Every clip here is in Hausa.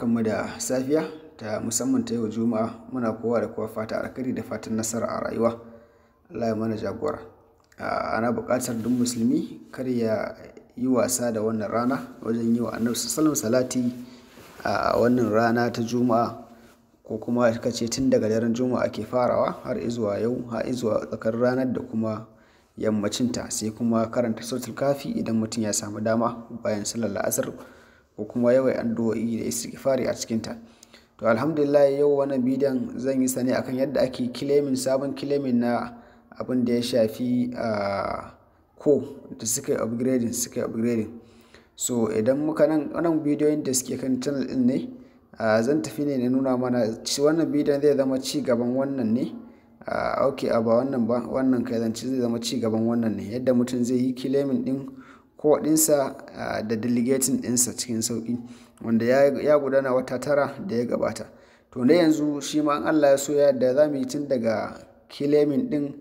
barkanmu da safiya ta musamman ta yau juma'a muna kowa da kowa fata alkhairi da fatan nasara a rayuwa Allah ya mana jagora ana buƙatar duk musulmi kar ya yi wasa da wannan rana wajen yi wa annabi sallallahu salati a wannan rana ta juma'a ko kuma ka tun daga daren juma'a ke farawa har izuwa yau har izuwa tsakar ranar da kuma yammacinta sai kuma karanta sautul kafi idan mutum ya samu dama bayan sallar la'asar ko kuma yawan addu'o'i da istighfari a cikinta to alhamdulillah yau wannan bidiyon zan yi sane akan yadda ake kilemin sabon kilemin na abin da ya shafi ko da suka upgrading suka upgrading so idan muka nan wannan bidiyoyin da suke kan channel din ne zan tafi ne na nuna mana wannan bidiyon zai zama ci gaban wannan ne ok ba wannan ba wannan kai zan ci zai zama ci gaban wannan ne yadda mutum zai yi kilemin din kowaɗinsa da delegating ɗinsa cikin sauƙi wanda ya gudana wata tara da ya gabata to na yanzu shi ma allah ya so ya da za mu yi tun daga claiming ɗin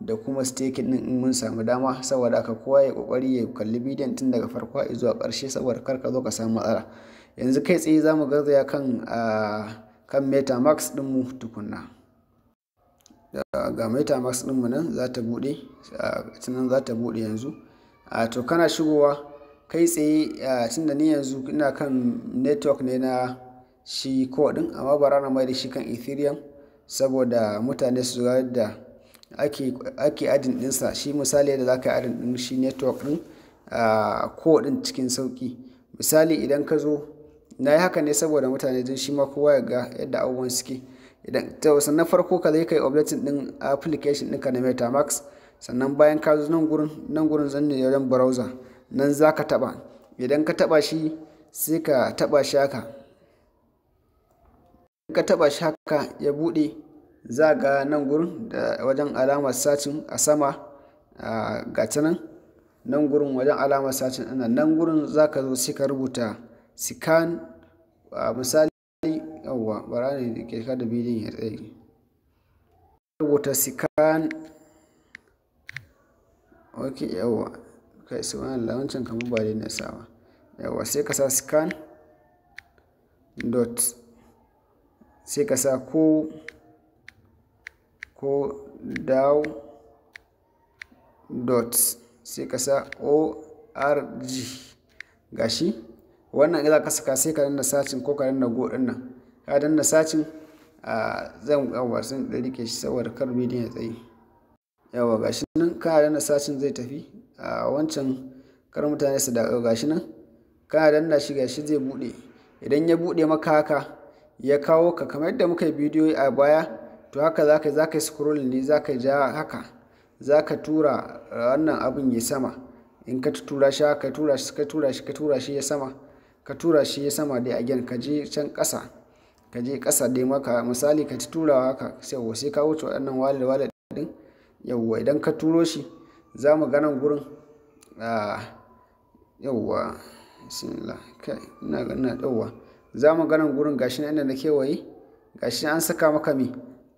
da kuma staking ɗin in mun samu dama saboda aka kowa ya kokari ya kalli bidiyon tun daga farko a zuwa ƙarshe saboda kar ka zo ka samu matsala yanzu kai tsaye za mu garzaya kan kan metamax mu tukunna ga metamax ɗinmu nan za ta buɗe yanzu to kana shigowa kai tsaye da ni yanzu ina kan network ne na shi ko din amma ba rana mai da shi kan ethereum saboda mutane su ga yadda ake adin dinsa shi misali da za ka yi adin din shi network din ko din cikin sauki misali idan ka zo na yi haka ne saboda mutane don shi ma kowa ya ga yadda abubuwan suke idan na farko ka zai kai updating din application ɗinka na metamax sannan bayan ka zo nan gurin nan gurin zan ne wajen browser nan za ka taɓa idan ka taɓa shi sai ka taɓa shi haka ka taɓa shi haka ya buɗe za ga nan gurin da wajen alamar sacin a sama ga ta nan gurin wajen alamar sacin ana nan gurin za ka zo sai ka rubuta scan a misali yawwa bara ne da ke kada bidiyon ya tsaye rubuta scan ok yawwa kai subhanallah wancan kamar ba dai na sawa yawwa sai ka sa scan dot sai ka sa ko ko dow dot sai ka sa org gashi wannan za ka saka sai ka danna sacin ko ka danna go din nan ka danna sacin a ah, zan yawa sun rike shi saboda kar bidiyon ya tsaye yawa gashi nan ka danna sashin zai tafi a wancan kar mutane su da ga shi nan kana danna shi ga shi zai bude idan ya bude maka haka ya kawo ka kamar yadda muka yi bidiyo a baya to haka za ka za ka scroll ne za ka ja haka za ka tura wannan abin ya sama in ka tura shi ka tura shi ka tura shi ka tura shi ya sama ka tura shi ya sama dai again ka je can kasa ka je kasa dai maka misali ka ci turawa haka sai ka wuce wannan wallet wallet din yauwa idan ka turo shi za mu ganin gurin ah, yauwa bismillah kai ina gana yauwa za mu ganin gurin gashi na inda na kewaye gashi an saka maka mi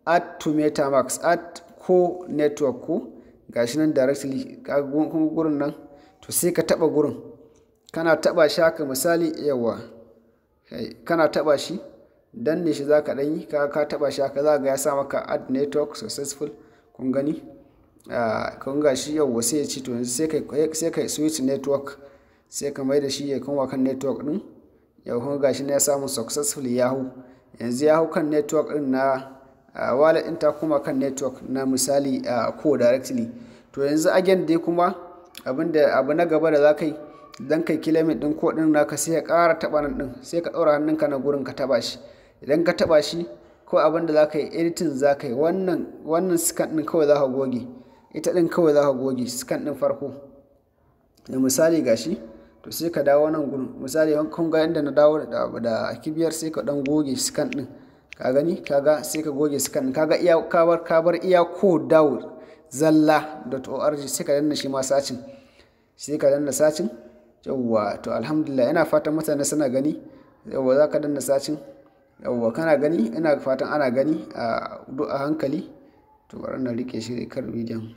at to metamax at ko network ko gashi nan directly kuma gurin nan to sai ka taba gurin kana taba shi haka misali yawa kana taba shi danne shi za ka ɗanyi ka taba shi haka za ga ya sa maka ad network successful kun gani ah, kun ga shi yau sai ya ci to yanzu sai ka switch network sai ka mai da shi ya kuma kan network din yau kun ga shi na ya samu successful yahoo yanzu yahoo kan network din na ah, wallet din ta kuma kan network na misali ko ah, directly to yanzu again dai kuma abinda abu na gaba da za ka yi idan kai kilamin din ko din naka sai ya ƙara taɓa nan din sai ka ɗaura hannunka na gurin ka taba shi idan ka taba shi ko abin da za ka yi editing za ka yi wannan scan ɗin kawai za ka goge ita ɗin kawai za ka goge scan ɗin farko da misali ga shi to sai ka dawo nan gudun misali kun ga inda na dawo da kibiyar sai ka ɗan goge scan ɗin ka gani kaga sai ka goge scan kaga iya kabar kabar iya ko dawo zalla down zalla.org sai ka danna shi ma sacin sai ka danna sacin yawwa to alhamdulillah ina fatan mutane suna gani yawwa za ka danna sacin yawwa kana gani ina fatan ana gani a duk a hankali to bari na rike shi kar bidiyon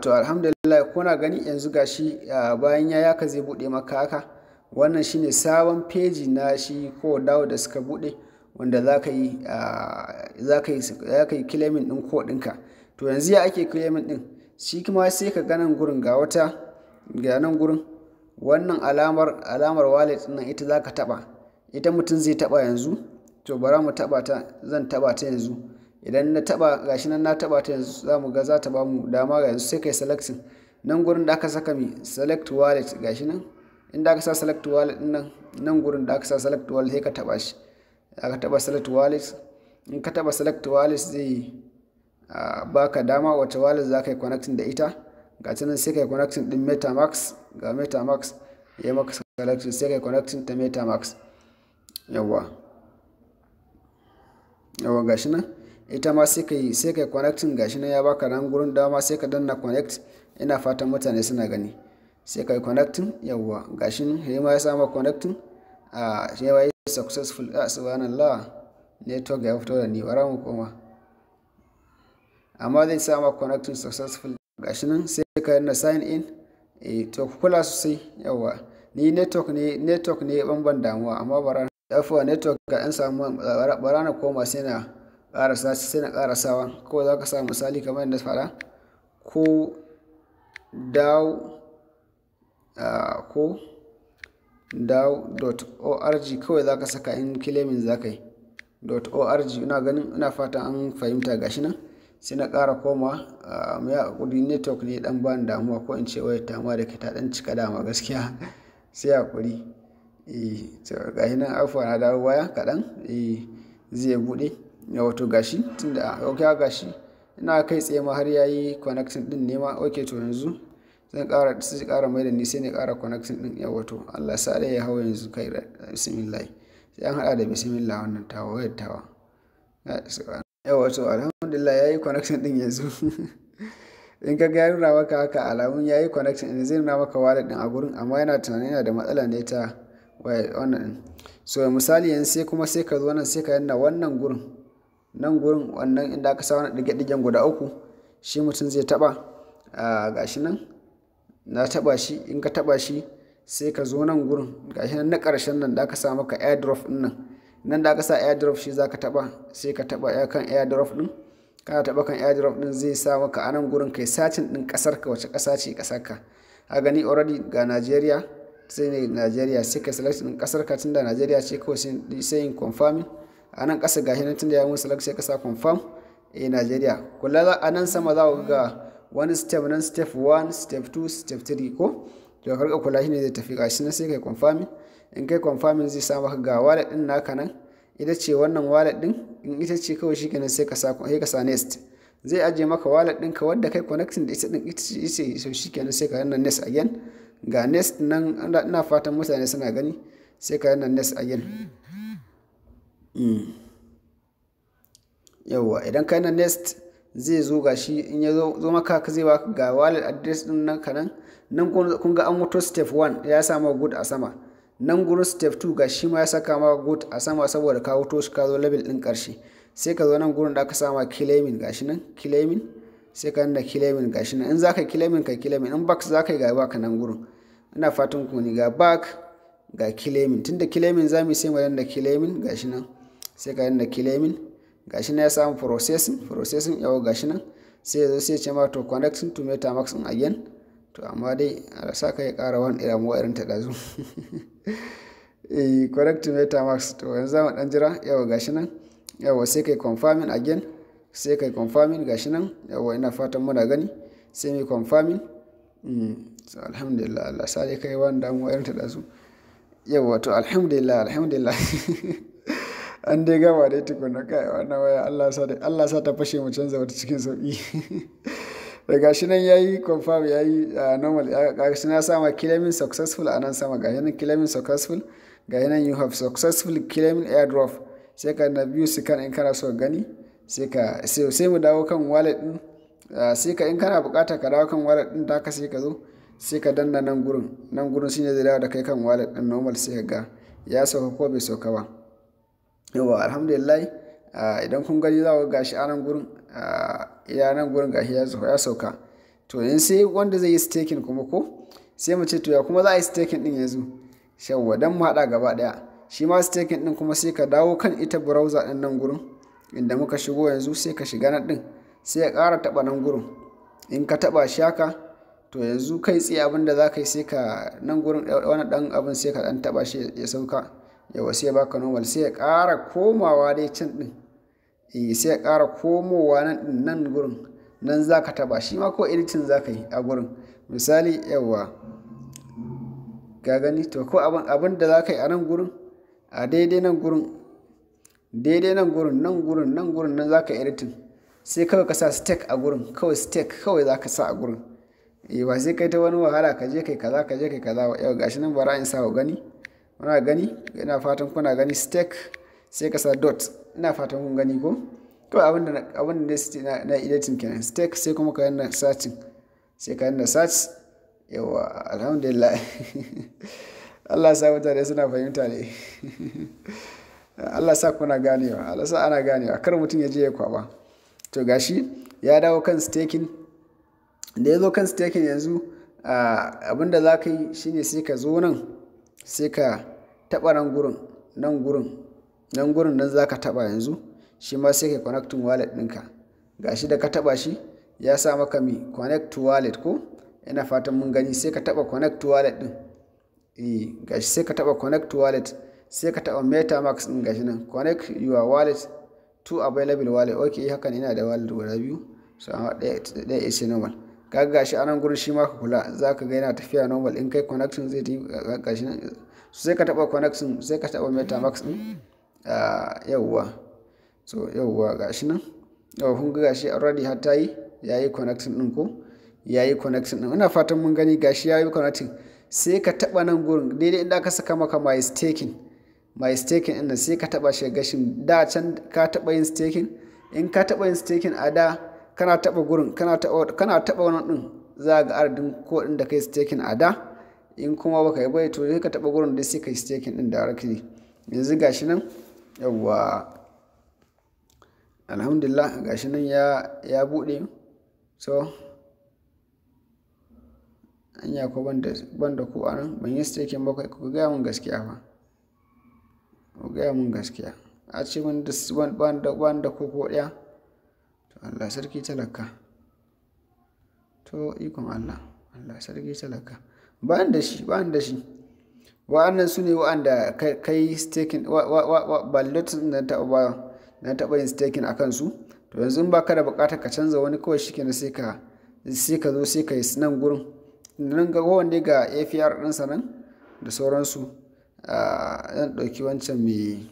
to alhamdulillah kuna gani yanzu gashi bayan ya yaka zai bude maka haka wannan shine sabon peji na shi ko dawo da suka bude wanda za ka yi zaka yi claiming din ko dinka to yanzu ya ake claiming din shi kuma sai ka ganin gurin ga wata ga nan gurin wannan alamar alamar wallet nan ita zaka ka taba ita mutum zai taba yanzu to bara mu taba ta zan taba ta yanzu idan na taba gashi nan na taba ta yanzu za mu ga za ta ba mu dama ga yanzu sai kai selecting nan gurin da aka saka mi select wallet gashi nan inda aka sa select wallet din nan nan gurin da aka sa select wallet sai ka taba shi aka taba select wallet in ka taba select wallet zai baka dama wace wallet za ka yi connecting da ita ga nan sai ka yi connecting din metamax ga metamax ya maka selection sai ka yi connecting ta metamax yawwa yawa gashi nan ita ma sai ka yi sai ka connectin gashi nan ya baka nan gurin dama sai ka danna connect ina fatan mutane suna gani sai ka yi connecting yawa gashi nan ya ma ya sama connectin a ya yi successful a subhanallah network ya fito da ni bara mu koma amma zai sama connectin successful gashi nan sai ka yi na sign in eh to kula sosai yawa ni network ne network ne banban damuwa amma bara yafuwa network ka ɗan samu bara na sai na ƙarasa sai na ƙarasawa kawai za ka sa misali kamar yadda faɗa ko daw ko daw.org kawai za ka saka in kilimin za ka yi .org ina ganin ina fata an fahimta gashi nan sai na ƙara koma ya kudi network ne dan ba damuwa ko in ce wai ta ma da ke ta cika dama gaskiya sai kuri Eh, gashi nan afuwa na dawo baya kaɗan eh zai buɗe wato gashi tunda ok gashi ina kai tsaye ma har yayi connecting din ne ma ok to yanzu zan ƙara sai ƙara mai da ni sai ne ƙara connecting din ya wato Allah sa da ya hawo yanzu kai bismillah sai an hada da bismillah wannan tawa wayar tawa ya wato alhamdulillah yayi connecting din yanzu in ka ga nuna maka haka alamun yayi connecting din zai nuna maka wallet din a gurin amma yana tunanin yana da matsala ne ta wannan so misali yanzu sai kuma sai ka zo nan sai ka yanna wannan gurin nan gurin wannan inda aka sa wannan ɗige guda uku shi mutum zai taɓa gashi nan na taba shi in ka taɓa shi sai ka zo nan gurin gashi nan na karshen nan da aka sa maka airdrop din nan nan da aka sa airdrop shi za ka taɓa sai ka taɓa kan airdrop din ka taɓa kan airdrop din zai sa maka a nan gurin kai satin ɗin kasar ka wace kasa ce kasar ka a gani already ga Najeriya sai ne Najeriya sai ka selection din kasar ka tunda Najeriya ce kawai sai yin confirming a nan ƙasa gashi nan tunda ya mun select sai ka sa confirm eh Najeriya kula a nan sama za ku ga wani step nan step 1 step 2 step 3 ko to ka kula shi ne zai tafi gashi nan sai kai confirming in kai confirming zai sa maka ga wallet din naka nan ita ce wannan wallet din in ita ce kawai kenan sai ka sa sai ka sa next zai ajiye maka wallet ɗinka wadda kai connecting da ita ɗin ita ce so kenan sai ka nan next again ga nest nan ina fatan mutane suna gani sai ka yana nest again hmm. yawwa idan ka yana nes zai zo ga shi in ya zo maka zai ba ga wallet address din nan ka nan kun ga an wato step 1 ya sama good a sama nan gurin step 2 ga shi ma ya saka ma good a sama saboda ka wato shi ka zo level din karshe sai ka zo nan gurin da aka sama claiming shi nan claiming sai ka kilimin claiming shi nan in za ka claiming ka claiming in box za ka yi ga baka nan gurin ina fatan ku ga back ga claiming tunda kilemin za mu sai mu danna claiming gashi nan sai ka danna claiming gashi nan ya samu processing processing yawo gashi nan sai zai zo sai ya ce ma to connecting to max in again to amma dai a sa ka ƙara wani iramuwa irin ta ɗazu eh meta max to yanzu zamu dan jira yawo gashi nan yawa sai kai confirming again sai kai confirming gashi nan yawa ina fatan muna gani sai mai confirming hmm. so alhamdulillah Allah sai kai wani damuwa irin ta dazu yau wato alhamdulillah alhamdulillah an dai gama dai tukunna kai wannan waya Allah sa dai Allah sa ta fashe mu canza wata cikin sauki daga shi nan yayi confirm yayi ah, normal ah, ga shi na sama claiming successful anan sama ga yanan claiming successful ga yanan you have successful claiming airdrop sai ka na biyu su kan in kana so gani sai ka sai mu dawo kan wallet din ah, sai ka in kana bukata ka dawo kan wallet din da ka sai ka zo sai ka danna nan gurin nan gurin shine zai dawo da kai kan wallet ɗin normal sai ga ya sauka ko bai sauka ba yawa alhamdulillah idan kun gani za ku gashi a nan gurin ya nan gurin gashi ya sauka to in sai wanda zai yi staking kuma ko sai mu ce to ya kuma za a yi staking din yanzu shawwa dan mu hada gaba daya shi ma staking din kuma sai ka dawo kan ita browser din nan gurin inda muka shigo yanzu sai ka shiga nan din sai ya ƙara taɓa nan gurin in ka shi shaka to yanzu kai tsaye abin da za ka yi sai ka nan gurin wani ɗan abin sai ka ɗan taɓa shi ya sauka ya wasu ya baka normal sai ya ƙara komawa dai can ɗin eh, sai ya ƙara komowa nan ɗin nan gurin nan za ka taɓa shi ma ko editing za ka yi a gurin misali yawa ga gani to ko abin da za ka yi a nan gurin a daidai nan gurin daidai nan gurin nan gurin nan gurin nan za ka editing sai kawai ka sa stake a gurin kawai stake kawai za ka sa a gurin eh ba sai kai ta wani wahala ka je kai kaza ka je kai kaza ba yau gashi nan bara in sa ku gani muna gani ina fatan kuna gani steak sai ka sa dot ina fatan kun gani ko to abin da abin da na na editing kenan steak sai kuma ka na searching sai ka na search yawa alhamdulillah Allah sa mutane suna fahimta ne Allah sa kuna ganewa Allah sa ana ganewa kar mutum ya je ya kwaba to gashi ya dawo kan staking da ya zo kan staking yanzu abin da za ka yi shine sai ka zo nan sai ka taɓa nan gurin nan gurin nan gurin nan za ka taɓa yanzu shi ma sai ka connecting wallet ɗinka gashi da ka taɓa shi ya sa maka mi connect to wallet ko ina fatan mun gani sai ka taɓa connect to wallet ɗin eh gashi sai ka taɓa connect to wallet sai ka taɓa metamax ɗin gashi nan connect your wallet to available wallet okay haka ina yana da wallet guda biyu so ɗaya ɗaya ce normal kaga gashi anan gurin shi ma ka kula za ka ga yana tafiya normal in kai connection zai ga gashi nan sai ka taba connection sai ka taba metamax din ah, yawwa so yawwa gashi nan yawwa kun ga gashi already har ta yi yayi connection din ko yayi connection din ina fatan mun gani gashi yayi connecting sai ka taba nan gurin daidai inda ka saka maka my staking my staking din sai ka taba shi gashin da can ka taba yin staking in ka taba yin staking a da kana taɓa gurin kana taɓa kana taɓa wannan ɗin za ga adadin ko ɗin da kai staking a da in kuma baka yi bai to sai ka taɓa gurin da sai kai staking ɗin directly yanzu gashi nan yawwa alhamdulillah gashi nan ya ya buɗe so anya ko banda banda ko anan ban yi staking bakwai ku gaya mun gaskiya fa ku gaya mun gaskiya a ce wanda wanda wanda ko ko ɗaya to Allah sarki talaka to ikon Allah Allah sarki talaka ba da shi ba da shi wa'annan su ne wa'anda kai staking ballot na taɓa na taɓa yin staking a kansu to yanzu in baka da bukatar ka canza wani kawai shike na sai ka sai ka zo sai ka yi nan gurin nan ga kowanne ga APR ɗinsa nan da sauransu ah, zan ɗauki wancan mai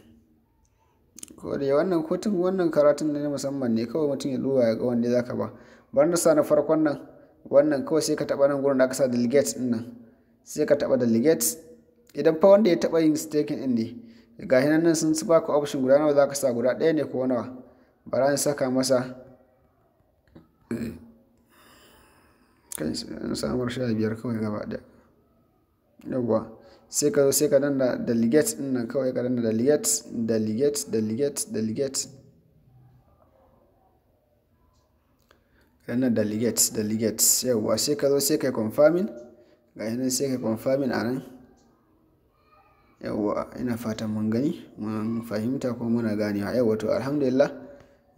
kore wannan kotun wannan karatun ne musamman ne kawai mutum ya duba ya ga wanda za ka ba bar na sa na farkon nan wannan kawai sai ka taɓa nan gurin da aka sa delegate nan sai ka taɓa delegate idan fa wanda ya taɓa yin staking din ne ga hinan nan sun ba ka option guda nawa za ka sa guda ɗaya ne ko nawa bara in saka masa kan samar sha biyar kawai gaba ɗaya yawwa sai ka zo sai ka danna delegate din nan kawai ka danna delegate delegate delegate delegate ka danna delegate delegate yawwa sai ka zo sai ka confirming ga nan sai ka confirming anan yawa yawwa ina fatan mun gani mun fahimta ko muna ganewa yawwa to alhamdulillah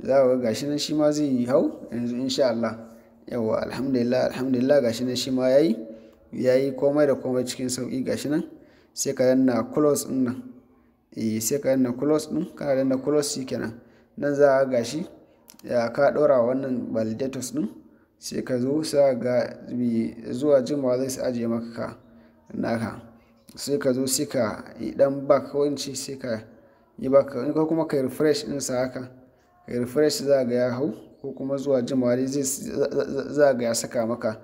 za ga gashi nan shi ma zai hau yanzu insha Allah yawwa alhamdulillah alhamdulillah gashi nan shi ma yayi yayi komai da komai cikin sauki gashi nan sai ka danna close din nan eh sai ka danna close din kana danna close shikenan nan za ka gashi ya ka ɗora wannan validators din sai ka zo sai ga zuwa jimawa zai sa ajiye maka ka naka sai ka zo sai ka yi dan back wanci sai ka yi back ko kuma ka refresh din sa haka ka refresh za ga ya hau ko kuma zuwa jimawa zai za ga ya saka maka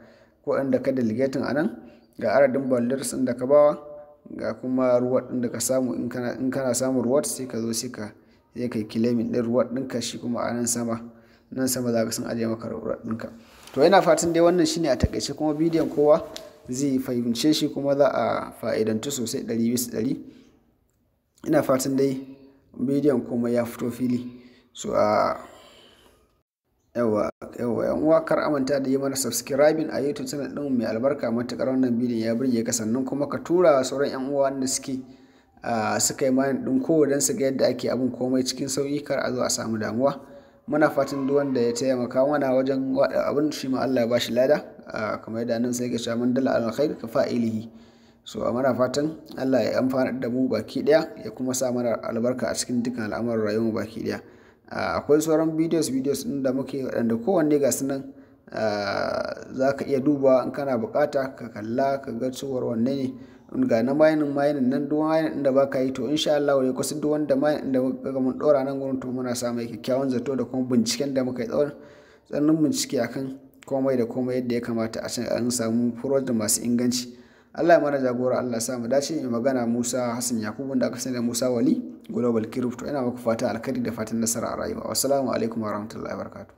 ko inda ka delegating anan ga adadin validators din da ka bawa ga kuma ruwa ɗin da ka samu in kana samun ruwa sai ka zo sai ka sai ka claiming ɗin ruwa ɗinka shi kuma a nan sama nan sama za ka san ajiye maka reward ɗinka to ina fatan dai wannan shine a takaice kuma bidiyon kowa zai fahimce shi kuma za a fa'idantu sosai ɗari bisa ɗari ina fatan dai bidiyon kuma ya fito fili so a ah, yawa yan uwa kar amanta da yi mana subscribing a YouTube channel din mai albarka matukar wannan bidiyon ya burge ka sannan kuma ka tura sauran yan uwa wanda suke suka yi mana din ko dan su ga yadda ake abin komai cikin sauki kar a zo a samu damuwa muna fatan duk wanda ya taimaka mana wajen abin shi ma Allah ya bashi lada kamar yadda nan sai ka sha man dala alkhair ka fa'ilihi so a mana fatan Allah ya amfana da mu baki daya ya kuma sa mana albarka a cikin dukkan al'amuran rayuwar baki daya Ah, akwai sauran videos videos din da muke waɗanda kowanne ga su nan ah, za ka iya duba in kana bukata ka kalla ka ga cewar wanne ne ga na mayanin mayanin nan duk mayanin da baka yi to insha Allah wai kusa duk wanda mayanin da kaga mun dora nan gurin to muna sa mai kyakkyawan zato da kuma binciken da muka yi tsawon tsannin bincike akan komai da komai yadda ya kamata a an samu project masu inganci Allah ya mana jagora Allah ya sa mu dace mai magana Musa Hassan Yakubu da aka sani da Musa Wali Global Crypto ina muku fata alkhairi da fatan nasara a rayuwa wassalamu alaikum warahmatullahi wabarakatuh